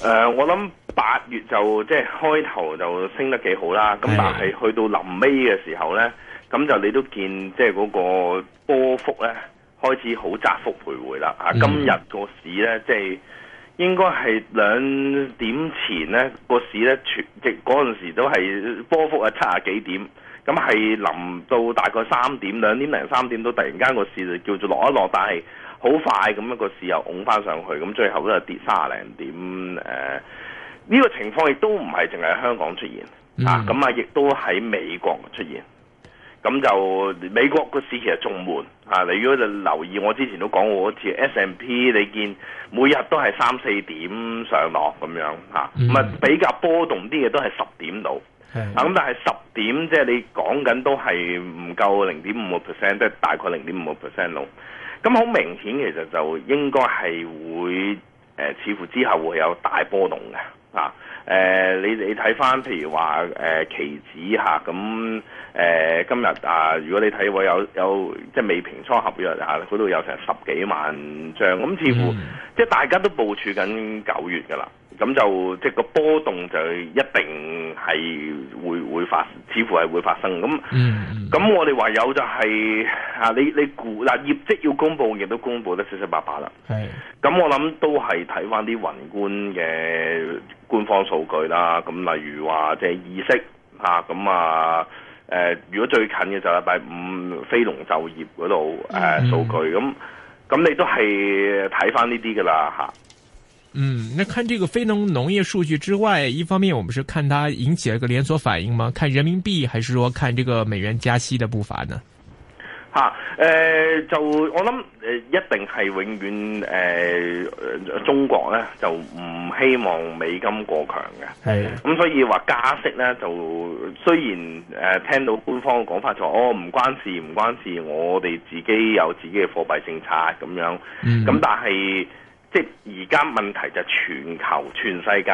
誒、呃，我諗八月就即係開頭就升得幾好啦，咁但係去到臨尾嘅時候呢，咁就你都見即係嗰個波幅呢開始好窄幅徘徊啦。啊，今日個市呢，即係應該係兩點前呢、個市呢，全即嗰陣時都係波幅啊七十幾點，咁係臨到大概三點兩點零三點都突然間個市就叫做落一落，但係，好快咁樣個市又拱翻上去，咁最後都係跌三廿零點。誒、呃、呢、這個情況亦都唔係淨係香港出現，mm -hmm. 啊，咁啊亦都喺美國出現。咁就美國個市其實仲悶。啊，你如果就留意，我之前都講過一次 S&P，你見每日都係三四點上落咁樣，吓咁啊、mm -hmm. 比較波動啲嘅都係十點到。Mm -hmm. 啊，咁但係十點即係、就是、你講緊都係唔夠零點五個 percent，即係大概零點五個 percent 到。咁好明顯，其實就應該係會、呃、似乎之後會有大波動嘅、啊呃、你你睇翻譬如話誒、呃、期指吓，咁、嗯呃、今日啊，如果你睇我有有即係未平倉合約啊，嗰度有成十幾萬張，咁、嗯、似乎、mm. 即係大家都部署緊九月噶啦。咁就即係個波動就一定係會會發，似乎係會發生。咁咁、嗯、我哋唯有就係、是、你你估嗱業績要公佈，亦都公佈得七七八八啦。係咁，我諗都係睇翻啲宏觀嘅官方數據啦。咁例如話即係意識啊，咁啊誒、呃，如果最近嘅就係禮拜五非農就業嗰度誒數據，咁、嗯、咁你都係睇翻呢啲噶啦吓嗯，那看這個非農農業數據之外，一方面我們是看它引起了一個連鎖反應嗎？看人民幣，還是說看這個美元加息的步伐呢？吓、啊，誒、呃，就我諗誒、呃，一定係永遠誒、呃，中國咧就唔希望美金過強嘅，係咁，所以話加息咧就雖然誒、呃、聽到官方嘅講法就我、是、唔、哦、關事唔關事，我哋自己有自己嘅貨幣政策咁樣，嗯，咁但係。即係而家問題就係全球全世界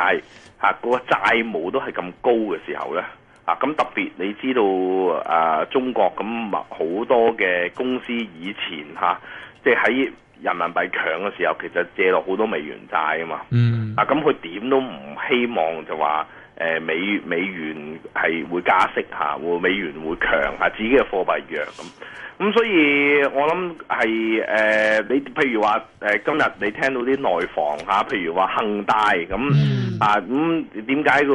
嚇、啊、個債務都係咁高嘅時候咧，啊咁、啊、特別你知道啊中國咁好、啊、多嘅公司以前嚇、啊，即係喺人民幣強嘅時候，其實借落好多美元債啊嘛。嗯、mm. 啊。啊咁，佢點都唔希望就話誒美美元係會加息嚇，會、啊、美元會強嚇、啊、自己嘅貨幣弱咁。啊咁所以我諗係誒，你譬如話誒、呃，今日你聽到啲內房吓、啊，譬如話恒大咁、mm. 啊，咁點解個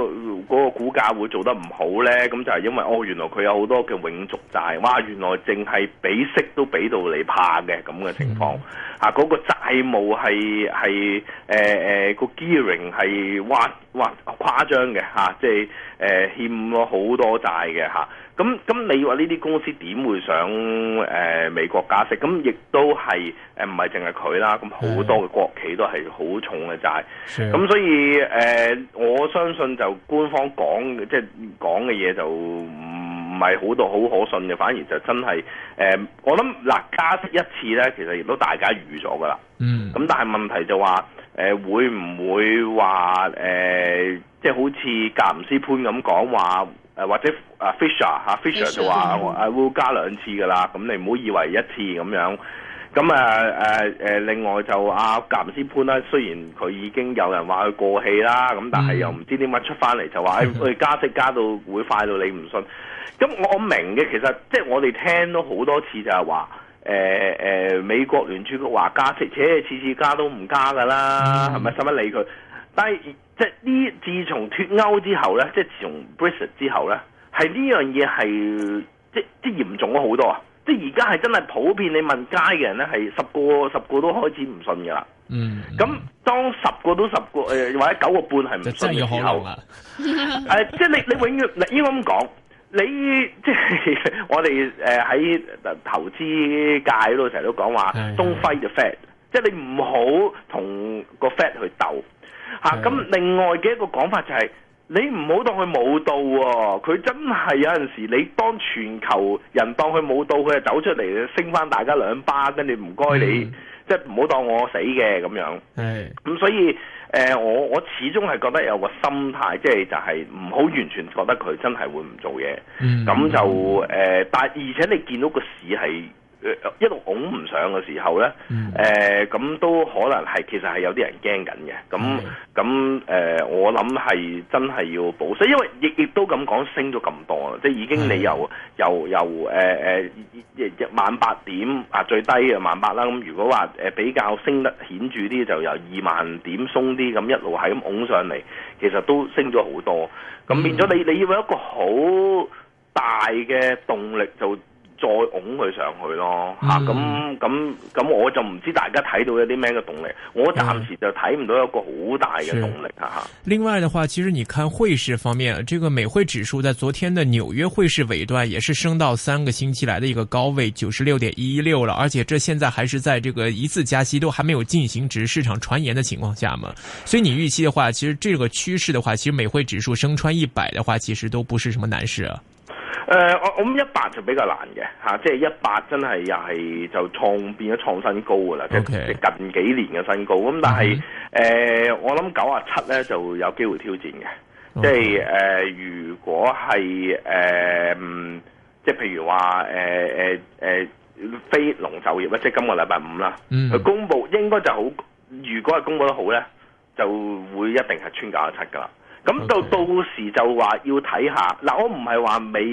個股價會做得唔好咧？咁就係因為哦，原來佢有好多嘅永續債，哇，原來淨係俾息都俾到你怕嘅咁嘅情況、mm. 啊那個呃，啊，嗰個債務係係誒誒個 gearing 係誇誇誇張嘅吓，即係誒欠咗好多債嘅吓。啊。咁咁，你話呢啲公司點會上誒、呃、美國加息？咁亦都係誒唔係淨係佢啦，咁好多嘅國企都係好重嘅債。咁所以誒、呃，我相信就官方講即係講嘅嘢就唔係好到好可信嘅，反而就真係誒、呃。我諗嗱、呃、加息一次咧，其實亦都大家預咗噶啦。嗯。咁但係問題就話誒、呃、會唔會話誒即係好似格林斯潘咁講話，誒或者啊，Fisher 吓，Fisher 就話啊、嗯、會加兩次噶啦，咁你唔好以為一次咁樣。咁啊，啊，啊另外就阿格雷斯潘啦，雖然佢已經有人話佢過氣啦，咁但係又唔知點解出翻嚟就話誒、嗯哎、加息加到會快到你唔信。咁、嗯、我我明嘅，其實即係我哋聽都好多次就係話誒美國聯儲局話加息，且次次加都唔加噶啦，係咪使乜理佢？但即係呢？自從脱歐之後咧，即係自從 Brexit 之後咧，係呢樣嘢係即即嚴重咗好多啊！即係而家係真係普遍，你問街嘅人咧係十個十個都開始唔信噶啦。嗯，咁當十個都十個誒、呃、或者九個半係唔信之後，誒、呃、即係你你永遠，你應該咁講，你即係我哋誒喺投資界度成日都講話，Don't fight the fat，是的即係你唔好同個 fat 去鬥。吓、啊，咁另外嘅一個講法就係、是，你唔好當佢冇到，佢真係有陣時你當全球人當佢冇到，佢就走出嚟升翻大家兩巴，跟住唔該你，即係唔好當我死嘅咁樣。係、嗯、咁所以，誒、呃、我我始終係覺得有個心態，即係就係唔好完全覺得佢真係會唔做嘢。咁、嗯、就誒，但、呃、係而且你見到個市係。一路拱唔上嘅時候呢，誒、嗯、咁、呃、都可能係其實係有啲人驚緊嘅。咁咁誒，我諗係真係要保收，所以因為亦亦都咁講升咗咁多啦，即係已經你由、嗯、由由誒誒、呃呃呃、萬八點啊最低嘅萬八啦。咁如果話、呃、比較升得顯著啲，就由二萬點鬆啲咁一路係咁拱上嚟，其實都升咗好多。咁變咗你、嗯，你要有一個好大嘅動力就再拱佢上去咯，嚇咁咁咁我就唔知大家睇到有啲咩嘅動力，我暫時就睇唔到一個好大嘅動力啊、嗯。另外的話，其實你看匯市方面，這個美匯指數在昨天的紐約匯市尾段也是升到三個星期來的一個高位九十六點一一六了，而且這現在還是在這個一次加息都還沒有進行，只是市場傳言的情況下嘛，所以你預期的話，其實這個趨勢的話，其實美匯指數升穿一百的話，其實都不是什麼難事啊。誒、呃，我我諗一百就比較難嘅吓，即係一百真係又係就創變咗創新高噶啦，okay. 即係近幾年嘅新高。咁、嗯、但係誒、mm -hmm. 呃，我諗九啊七咧就有機會挑戰嘅，即係誒，如果係誒，即係譬如話誒誒誒，非農就業啦，即、就、係、是、今個禮拜五啦，佢、mm -hmm. 公布應該就好，如果係公布得好咧，就會一定係穿九啊七噶啦。咁到時就話要睇下嗱，我唔係話美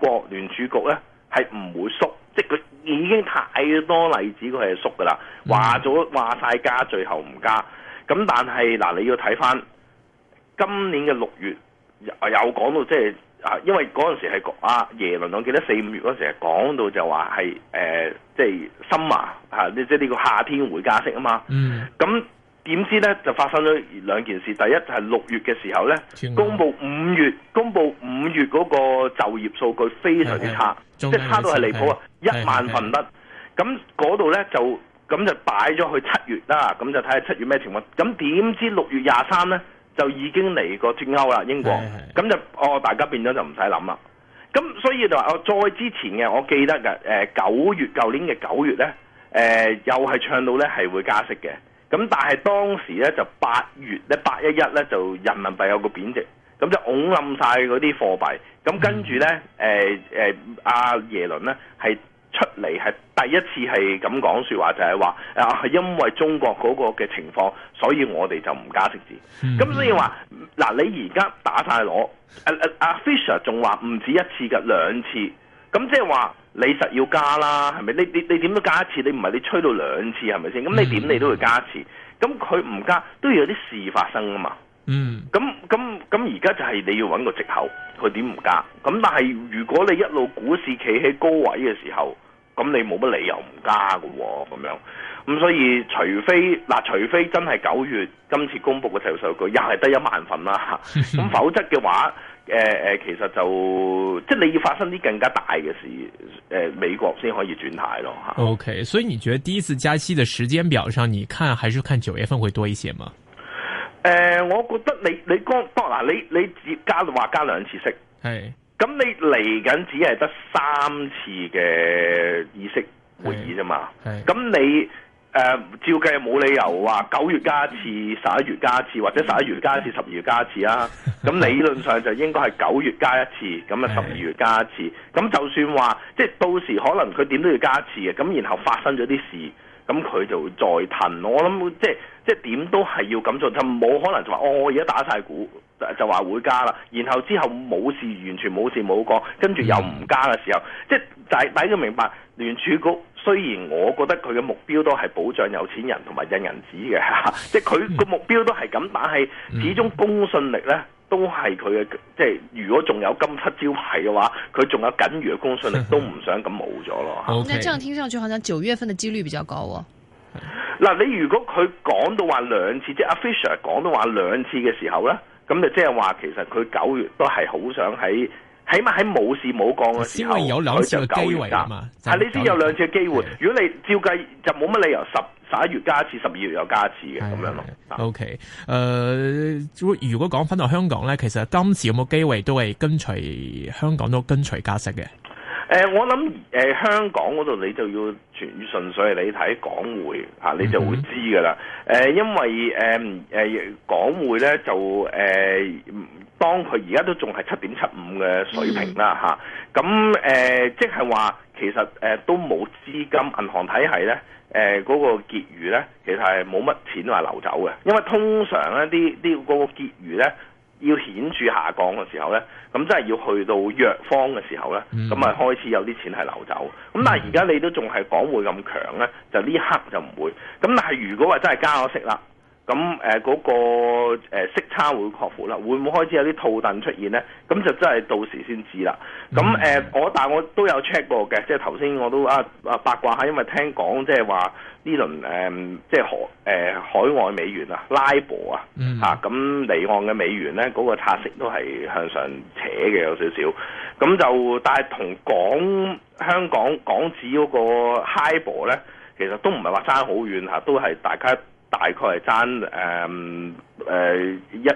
國聯儲局咧係唔會縮，即係佢已經太多例子，佢係縮噶啦。話咗話晒加，最後唔加。咁但係嗱，你要睇翻今年嘅六月又講到即係啊，因為嗰陣時係啊耶倫，我記得四五月嗰陣時係講到就話係即係深啊嚇，即係呢個夏天會加息啊嘛。嗯，咁。點知咧就發生咗兩件事，第一就係、是、六月嘅時候咧，公布五月公布五月嗰個就業數據非常之差，即係、就是、差到係離譜啊，一萬份得。咁嗰度咧就咁就擺咗去七月啦，咁就睇下七月咩情況。咁點知六月廿三咧就已經嚟，過脫歐啦，英國。咁就哦，大家變咗就唔使諗啦。咁所以就話我再之前嘅我記得嘅，誒、呃、九月舊年嘅九月咧，誒、呃、又係唱到咧係會加息嘅。咁但係當時咧就八月咧八一一咧就人民幣有個貶值，咁就拱冧曬嗰啲貨幣。咁跟住咧，誒誒阿耶倫咧係出嚟係第一次係咁講説話，就係話啊，係、呃、因為中國嗰個嘅情況，所以我哋就唔加息字。咁所以話嗱，你而家打晒攞，阿、啊啊、Fisher 仲話唔止一次嘅兩次，咁即係話。你實要加啦，係咪？你你你點都加一次，你唔係你吹到兩次係咪先？咁你點你都會加一次。咁佢唔加都要有啲事發生啊嘛。嗯。咁咁咁而家就係你要揾個藉口，佢點唔加？咁但係如果你一路股市企喺高位嘅時候，咁你冇乜理由唔加㗎喎，哦。咁樣咁所以除非嗱、啊，除非真係九月今次公佈嘅財務數據又係得一萬份啦。咁否則嘅話。 誒、呃、誒，其實就即係你要發生啲更加大嘅事，誒、呃，美國先可以轉態咯吓。O、okay, K，所以你覺得第一次加息嘅時間表上，你看還是看九月份會多一些嗎？誒、呃，我覺得你你剛不嗱，你你,你,你,你加話加兩次息，係，咁你嚟緊只係得三次嘅議息會議啫嘛，係，咁你。誒、呃、照計冇理由話九月加一次，十一月加一次，或者十一月加一次，十二月加一次啦、啊。咁理論上就應該係九月加一次，咁啊十二月加一次。咁 就算話即係到時可能佢點都要加一次嘅，咁然後發生咗啲事，咁佢就會再騰。我諗即係即係點都係要咁做，就冇可能就話哦，我而家打晒鼓就話會加啦。然後之後冇事，完全冇事冇過，跟住又唔加嘅時候，嗯、即係大家明白聯儲局。雖然我覺得佢嘅目標都係保障有錢人同埋印銀紙嘅，即係佢個目標都係咁，但係始終公信力呢都係佢嘅，即係如果仲有金漆招牌嘅話，佢仲有僅餘嘅公信力都唔想咁冇咗咯。咁，那這樣聽上去好像九月份嘅幾率比較高。啊。嗱、啊，你如果佢講到話兩次，即係 official 講到話兩次嘅時候呢，咁就即係話其實佢九月都係好想喺。起碼喺冇事冇講嘅時候，有兩次嘅機會，就是，啊嘛，你呢有兩次嘅機會。如果你照計就冇乜理由十十一月加一次，十二月又加一次嘅咁樣咯。O K，誒，如果講返到香港咧，其實今次有冇機會都係跟隨香港都跟隨加息嘅。呃、我諗、呃、香港嗰度你就要全純粹你睇港匯、啊、你就會知㗎喇、啊。因為、呃呃、港匯呢，就、呃、當佢而家都仲係七點七五嘅水平啦，咁即係話其實、呃、都冇資金銀行體系呢嗰、呃嗰個結餘呢，其實係冇乜錢話流走㗎，因為通常呢啲嗰、嗰個結餘呢，要顯著下降嘅時候呢，咁真係要去到弱方嘅時候呢，咁啊開始有啲錢係流走。咁但係而家你都仲係港匯咁強呢，就呢刻就唔會。咁但係如果話真係加咗息啦。咁誒嗰個、呃、息差會擴闊啦，會唔會開始有啲套戥出現咧？咁就真係到時先知啦。咁誒，呃 mm -hmm. 我但我都有 check 過嘅，即係頭先我都啊啊八卦下，因為聽講即係話呢輪誒即係海海外美元啊 LIBOR 啊咁、mm -hmm. 啊、離岸嘅美元咧嗰、那個拆息都係向上扯嘅有少少。咁就但係同港香港港紙嗰個 HIBOR 咧，其實都唔係話差好遠都係大家。大概係爭誒一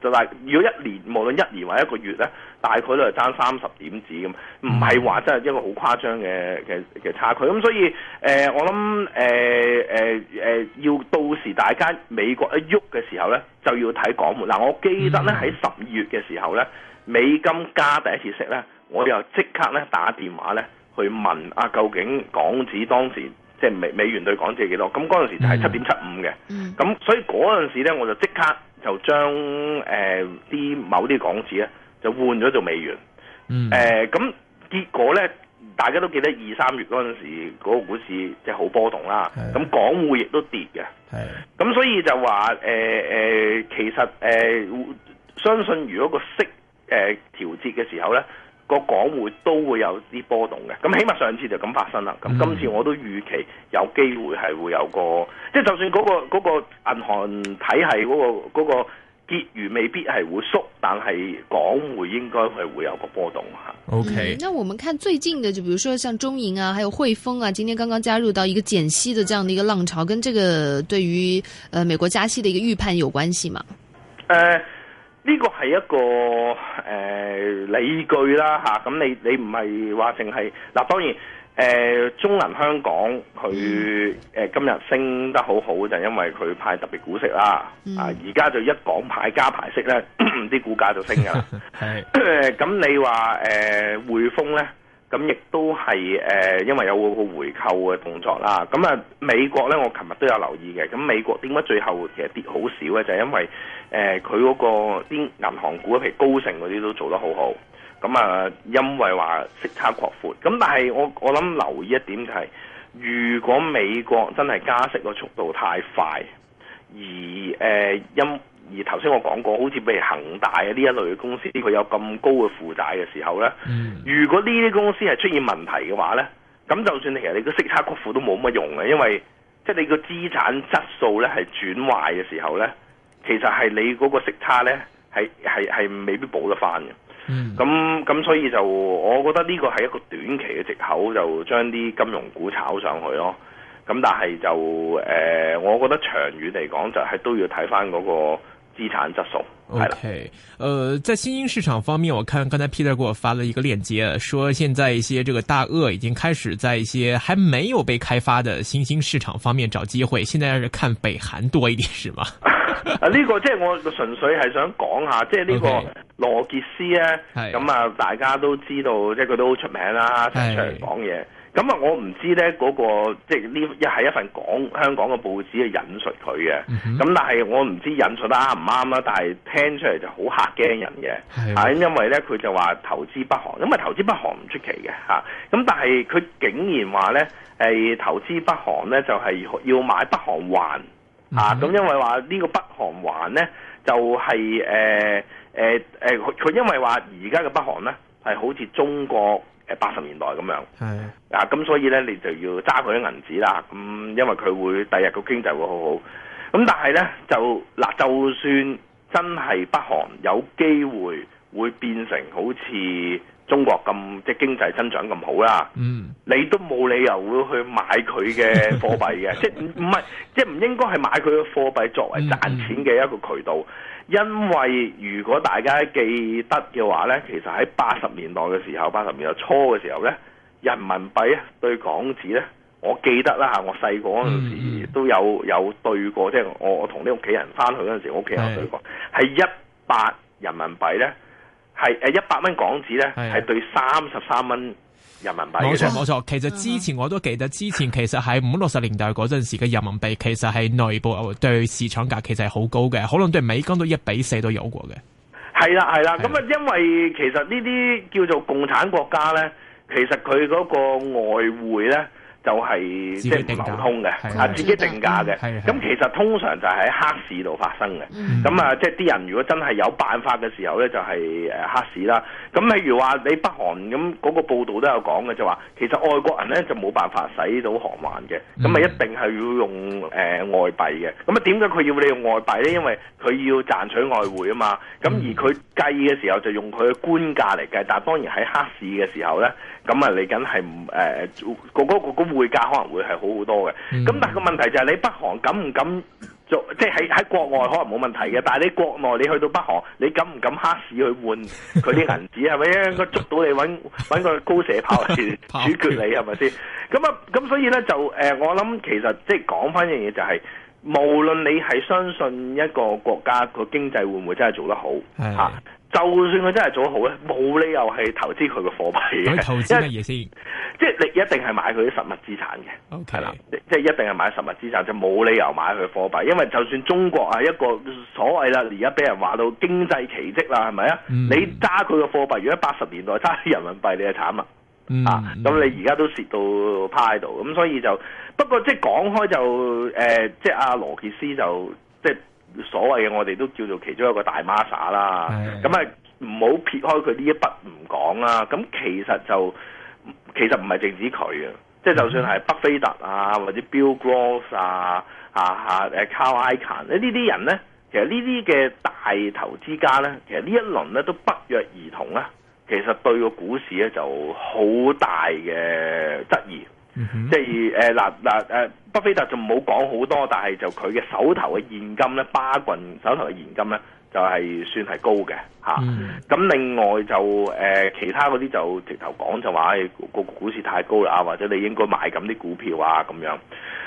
就大，如果一年無論一年或一個月咧，大概都係爭三十點子咁，唔係話真係一個好誇張嘅嘅嘅差距。咁所以誒、呃，我諗誒誒要到時大家美國一喐嘅時候咧，就要睇港門。嗱、啊，我記得咧喺十二月嘅時候咧，美金加第一次息咧，我又即刻咧打電話咧去問啊，究竟港紙當時？即係美美元對港紙係幾多？咁嗰陣時就係七點七五嘅。咁、嗯、所以嗰陣時咧，我就即刻就將誒啲某啲港紙咧就換咗做美元。誒、嗯、咁、呃、結果咧，大家都記得二三月嗰陣時嗰個股市即係好波動啦。咁港匯亦都跌嘅。咁所以就話誒誒，其實誒、呃、相信如果個息誒、呃、調節嘅時候咧，個港匯都會有啲波動嘅，咁起碼上次就咁發生啦。咁今次我都預期有機會係會有個，即係就算嗰個嗰個銀行體系嗰個嗰個結餘未必係會縮，但係港匯應該係會有個波動吓。OK，嗯，那我們看最近的，就比如說像中銀啊，還有匯豐啊，今天剛剛加入到一個減息的這樣的一個浪潮，跟這個對於，呃，美國加息的一個預判有關係嗎？呃呢、這個係一個誒、呃、理據啦咁、啊、你你唔係話淨係嗱當然誒、呃、中銀香港佢、呃、今日升得好好就因為佢派特別股息啦，啊而家就一港牌加派息咧，啲 股價就升啦。係， 咁 你話誒匯豐咧？呃咁亦都係誒、呃，因為有個回購嘅動作啦。咁啊，美國呢，我琴日都有留意嘅。咁美國點解最後其實跌好少呢？就係、因為誒，佢、呃、嗰、嗰個啲銀行股，譬如高盛嗰啲都做得好好。咁啊，因為話息差擴闊。咁但係我我諗留意一點就係、係，如果美國真係加息個速度太快，而誒、呃、因。而頭先我講過，好似譬如恒大啊呢一類嘅公司，佢有咁高嘅負債嘅時候呢、嗯，如果呢啲公司係出現問題嘅話呢，咁就算其實你個息差擴幅都冇乜用嘅，因為即係、就是、你個資產質素呢係轉壞嘅時候呢，其實係你嗰個息差呢係係未必補得翻嘅。咁、嗯、咁所以就我覺得呢個係一個短期嘅藉口，就將啲金融股炒上去咯。咁但係就誒、呃，我覺得長遠嚟講就係都要睇翻嗰個資產質素，係啦。OK，、呃、在新興市場方面，我看剛才 Peter 給我發了一個鏈接，說現在一些這個大鱷已經開始在一些還沒有被開發的新興市場方面找機會。現在要是看北韓多一點，是嗎？啊，呢、 呢個即係我純粹係想講下，即係呢個羅傑斯咧，咁、okay, 啊大家都知道，即係佢都好出名啦，成日出嚟講嘢。咁、嗯、啊，我唔知咧嗰、那個即係呢一係一份港香港嘅報紙去引述佢嘅，咁、嗯、但係我唔知引述得啱唔啱啦，但係聽出嚟就好嚇驚人嘅，嚇、嗯啊，因為咧佢就話投資北韓，咁啊投資北韓唔出奇嘅嚇，咁、啊、但係佢竟然話咧、欸、投資北韓咧就係、是、要買北韓環啊，咁、嗯嗯、因為話呢個北韓環咧就係、是、佢、呃呃呃、因為話而家嘅北韓咧係好似中國。八十年代咁樣，啊咁所以咧，你就要揸佢啲銀紙啦。咁、嗯、因為佢會第日個經濟會好好，咁、嗯、但係咧就嗱、啊，就算真係北韓有機會會變成好似中國咁即係經濟增長咁好啦、嗯，你都冇理由會去買佢嘅貨幣嘅， 即係唔唔係即係唔應該係買佢嘅貨幣作為賺錢嘅一個渠道、嗯嗯，因為如果大家記得嘅話咧，其實喺八十年代嘅時候，八十年代初嘅時候咧，人民幣咧對港紙咧，我記得啦嚇，我細個嗰陣時都有有對過，即、嗯、係、就是、我我同啲屋企人翻去嗰陣時，屋企人對過係一百人民幣咧。係誒，一百蚊港紙咧，係對三十三蚊人民幣、啊。冇錯冇錯，其實之前我都記得，之前其實喺五六十年代嗰陣時嘅人民幣，其實係內部對市場價其實係好高嘅，可能對美金都一比四都有過嘅。係啦係啦，咁啊，是啊，因為其實呢啲叫做共產國家咧，其實佢嗰個外匯咧。就係即係唔流通嘅，啊自己定價嘅，咁、嗯、其實通常就喺黑市度發生嘅。咁、嗯、啊，即係啲人如果真係有辦法嘅時候呢，就係、是、誒黑市啦。咁譬如話，你北韓咁嗰個報道都有講嘅，就話其實外國人呢就冇辦法使到航運嘅，咁咪一定係要用誒、呃、外幣嘅。咁啊，點解佢要你用外幣呢？因為佢要賺取外匯啊嘛。咁而佢計嘅時候就用佢嘅官價嚟計，但係當然喺黑市嘅時候呢。咁啊，嚟緊係誒，個嗰個個匯價可能會係好好多嘅。咁但係個問題就係，你北韓敢唔敢做？即係喺喺國外可能冇問題嘅，但係你國內你去到北韓，你敢唔敢黑市去換佢啲銀紙？係咪應該？捉到你搵搵個高射炮嚟處決你係咪先？咁啊，咁所以咧就誒，我諗其實即係講翻一樣嘢，就係無論你係相信一個國家個經濟會唔會真係做得好吓。就算佢真係做得好咧，冇理由係投資佢個貨幣嘅。佢投資乜嘢先？即係、就是、你一定係買佢啲實物資產嘅。係、okay，啦，即、就、係、是、一定係買實物資產，就冇理由買佢貨幣。因為就算中國係一個所謂啦，而家俾人話到經濟奇蹟啦，係咪啊？你揸佢個貨幣，如果八十年代揸啲人民幣，你就慘啦、嗯。啊，咁、嗯、你而家都蝕到趴喺度，咁所以就不過即係講開就誒、即係阿羅傑斯就。所謂嘅我哋都叫做其中一個大媽啦，咁啊唔好撇開佢呢一筆唔講啦。咁其實就其實唔係淨止佢啊，即、嗯、係就算係巴菲特啊或者 Bill Gross 啊啊啊，啊 Carl Icahn 呢啲人咧，其實呢啲嘅大投資家咧，其實呢一輪咧都不約而同啊。其實對個股市咧就好大嘅質疑。嗯、即係誒嗱嗱誒，巴菲特仲冇講好多，但係就佢嘅手頭嘅現金咧，巴郡手頭嘅現金咧。就係、是、算係高嘅咁、嗯啊、另外就誒、呃、其他嗰啲就直頭講就話誒個股市太高啦，或者你應該買咁啲股票啊咁樣。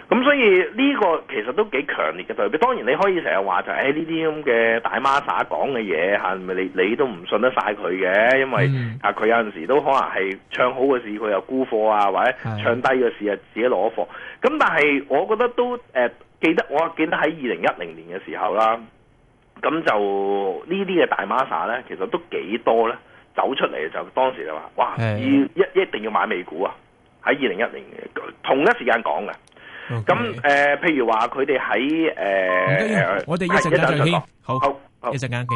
咁所以呢個其實都幾強烈嘅對比。當然你可以成日話就係呢啲咁嘅大媽 a 講嘅嘢嚇，咪、啊、你你都唔信得曬佢嘅，因為啊佢、嗯、有時都可能係唱好嘅事佢又沽貨啊，或者唱低嘅事啊自己攞貨。咁但係我覺得都、呃、記得我記得喺二零一零年嘅時候啦。咁就呢啲嘅大媽撒咧，其實都幾多咧，走出嚟就當時就話，哇！要一一定要買美股啊！喺二零一零嘅同一時間講嘅，咁、okay. 誒、呃，譬如話佢哋喺誒，我哋一陣間傾，好，好，好一陣間傾。